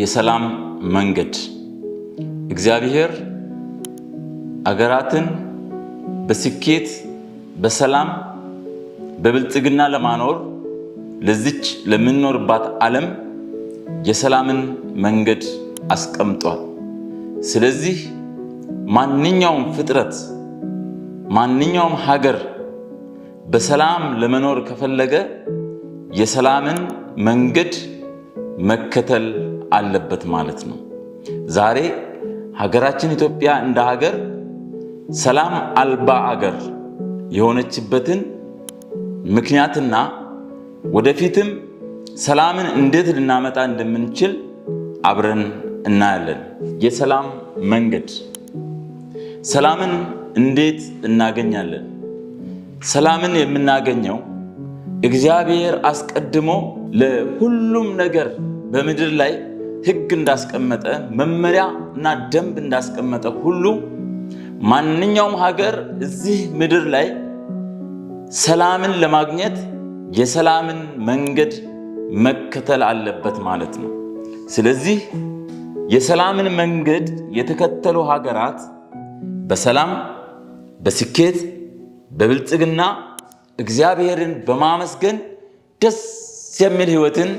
የሰላም መንገድ እግዚአብሔር አገራትን በስኬት በሰላም በብልጽግና ለማኖር ለዚች ለምንኖርባት ዓለም የሰላምን መንገድ አስቀምጧል። ስለዚህ ማንኛውም ፍጥረት ማንኛውም ሀገር በሰላም ለመኖር ከፈለገ የሰላምን መንገድ መከተል አለበት ማለት ነው። ዛሬ ሀገራችን ኢትዮጵያ እንደ ሀገር ሰላም አልባ አገር የሆነችበትን ምክንያትና ወደፊትም ሰላምን እንዴት ልናመጣ እንደምንችል አብረን እናያለን። የሰላም መንገድ ሰላምን እንዴት እናገኛለን? ሰላምን የምናገኘው እግዚአብሔር አስቀድሞ ለሁሉም ነገር በምድር ላይ ህግ እንዳስቀመጠ መመሪያ እና ደንብ እንዳስቀመጠ ሁሉ ማንኛውም ሀገር እዚህ ምድር ላይ ሰላምን ለማግኘት የሰላምን መንገድ መከተል አለበት ማለት ነው። ስለዚህ የሰላምን መንገድ የተከተሉ ሀገራት በሰላም፣ በስኬት፣ በብልጽግና እግዚአብሔርን በማመስገን ደስ የሚል ህይወትን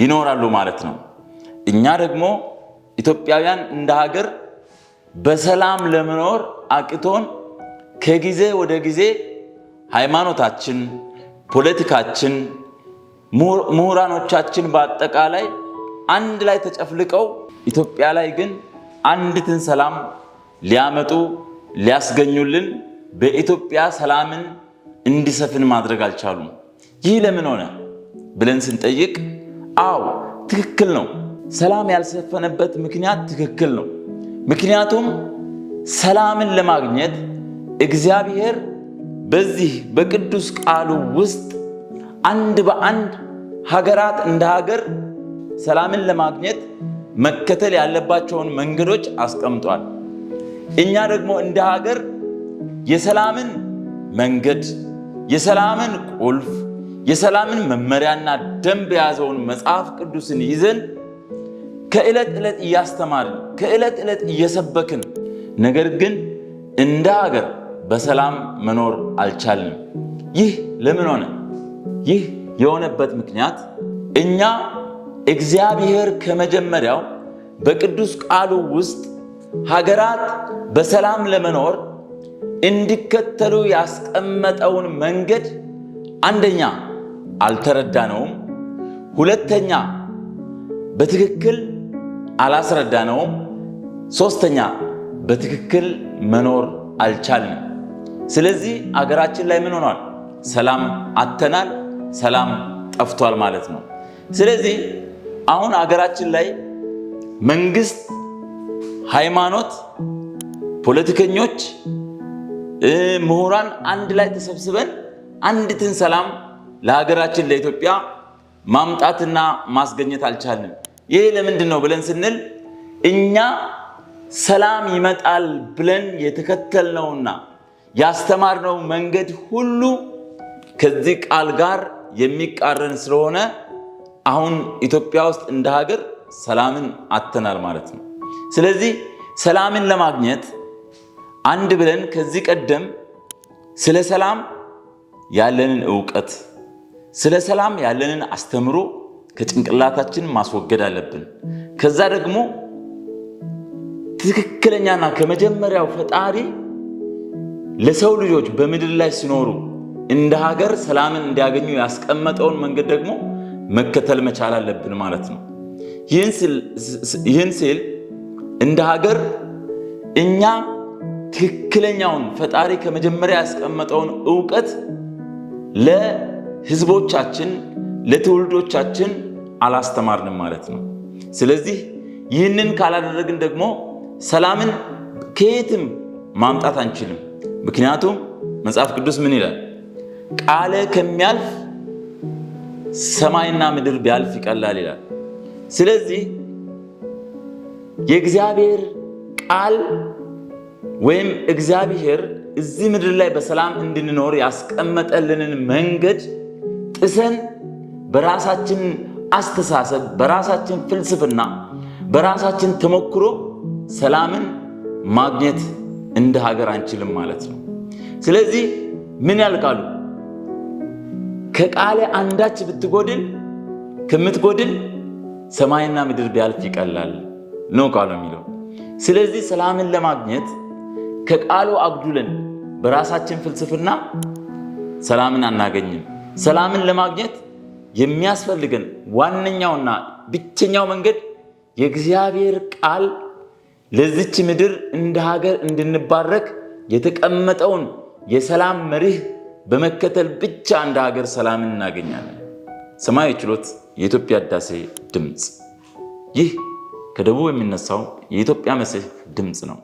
ይኖራሉ ማለት ነው። እኛ ደግሞ ኢትዮጵያውያን እንደ ሀገር በሰላም ለመኖር አቅቶን ከጊዜ ወደ ጊዜ ሃይማኖታችን፣ ፖለቲካችን፣ ምሁራኖቻችን በአጠቃላይ አንድ ላይ ተጨፍልቀው ኢትዮጵያ ላይ ግን አንዲትን ሰላም ሊያመጡ ሊያስገኙልን በኢትዮጵያ ሰላምን እንዲሰፍን ማድረግ አልቻሉም። ይህ ለምን ሆነ ብለን ስንጠይቅ፣ አዎ ትክክል ነው። ሰላም ያልሰፈነበት ምክንያት ትክክል ነው። ምክንያቱም ሰላምን ለማግኘት እግዚአብሔር በዚህ በቅዱስ ቃሉ ውስጥ አንድ በአንድ ሀገራት እንደ ሀገር ሰላምን ለማግኘት መከተል ያለባቸውን መንገዶች አስቀምጧል። እኛ ደግሞ እንደ ሀገር የሰላምን መንገድ፣ የሰላምን ቁልፍ፣ የሰላምን መመሪያና ደንብ የያዘውን መጽሐፍ ቅዱስን ይዘን ከዕለት ዕለት እያስተማርን ከዕለት ዕለት እየሰበክን ነገር ግን እንደ ሀገር በሰላም መኖር አልቻልንም። ይህ ለምን ሆነ? ይህ የሆነበት ምክንያት እኛ እግዚአብሔር ከመጀመሪያው በቅዱስ ቃሉ ውስጥ ሀገራት በሰላም ለመኖር እንዲከተሉ ያስቀመጠውን መንገድ አንደኛ አልተረዳነውም፣ ሁለተኛ በትክክል አላስረዳነውም። ሶስተኛ በትክክል መኖር አልቻልንም። ስለዚህ አገራችን ላይ ምን ሆኗል? ሰላም አተናል፣ ሰላም ጠፍቷል ማለት ነው። ስለዚህ አሁን አገራችን ላይ መንግስት፣ ሃይማኖት፣ ፖለቲከኞች፣ ምሁራን አንድ ላይ ተሰብስበን አንዲትን ሰላም ለሀገራችን ለኢትዮጵያ ማምጣትና ማስገኘት አልቻልንም። ይሄ ለምንድን ነው ብለን ስንል እኛ ሰላም ይመጣል ብለን የተከተልነውና ያስተማርነው መንገድ ሁሉ ከዚህ ቃል ጋር የሚቃረን ስለሆነ አሁን ኢትዮጵያ ውስጥ እንደ ሀገር ሰላምን አተናል ማለት ነው። ስለዚህ ሰላምን ለማግኘት አንድ ብለን ከዚህ ቀደም ስለ ሰላም ያለንን እውቀት፣ ስለ ሰላም ያለንን አስተምሮ ከጭንቅላታችን ማስወገድ አለብን። ከዛ ደግሞ ትክክለኛና ከመጀመሪያው ፈጣሪ ለሰው ልጆች በምድር ላይ ሲኖሩ እንደ ሀገር ሰላምን እንዲያገኙ ያስቀመጠውን መንገድ ደግሞ መከተል መቻል አለብን ማለት ነው። ይህን ስል እንደ ሀገር እኛ ትክክለኛውን ፈጣሪ ከመጀመሪያ ያስቀመጠውን እውቀት ለህዝቦቻችን ለትውልዶቻችን አላስተማርንም ማለት ነው። ስለዚህ ይህንን ካላደረግን ደግሞ ሰላምን ከየትም ማምጣት አንችልም። ምክንያቱም መጽሐፍ ቅዱስ ምን ይላል? ቃለ ከሚያልፍ ሰማይና ምድር ቢያልፍ ይቀላል ይላል። ስለዚህ የእግዚአብሔር ቃል ወይም እግዚአብሔር እዚህ ምድር ላይ በሰላም እንድንኖር ያስቀመጠልንን መንገድ ጥሰን በራሳችን አስተሳሰብ፣ በራሳችን ፍልስፍና፣ በራሳችን ተሞክሮ ሰላምን ማግኘት እንደ ሀገር አንችልም ማለት ነው። ስለዚህ ምን ያልቃሉ? ከቃለ አንዳች ብትጎድል ከምትጎድል ሰማይና ምድር ቢያልፍ ይቀላል ነው ቃሉ የሚለው። ስለዚህ ሰላምን ለማግኘት ከቃሉ አጉድለን በራሳችን ፍልስፍና ሰላምን አናገኝም። ሰላምን ለማግኘት የሚያስፈልገን ዋነኛውና ብቸኛው መንገድ የእግዚአብሔር ቃል ለዚች ምድር እንደ ሀገር እንድንባረክ የተቀመጠውን የሰላም መርህ በመከተል ብቻ እንደ ሀገር ሰላምን እናገኛለን። ሰማያዊ ችሎት የኢትዮጵያ ሕዳሴ ድምፅ። ይህ ከደቡብ የሚነሳው የኢትዮጵያ መሲህ ድምፅ ነው።